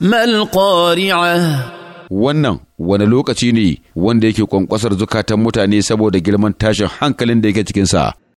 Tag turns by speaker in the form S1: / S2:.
S1: mal qari'ah wannan wani lokaci ne wanda yake kwankwasar zukatan mutane saboda girman tashin hankalin da yake cikinsa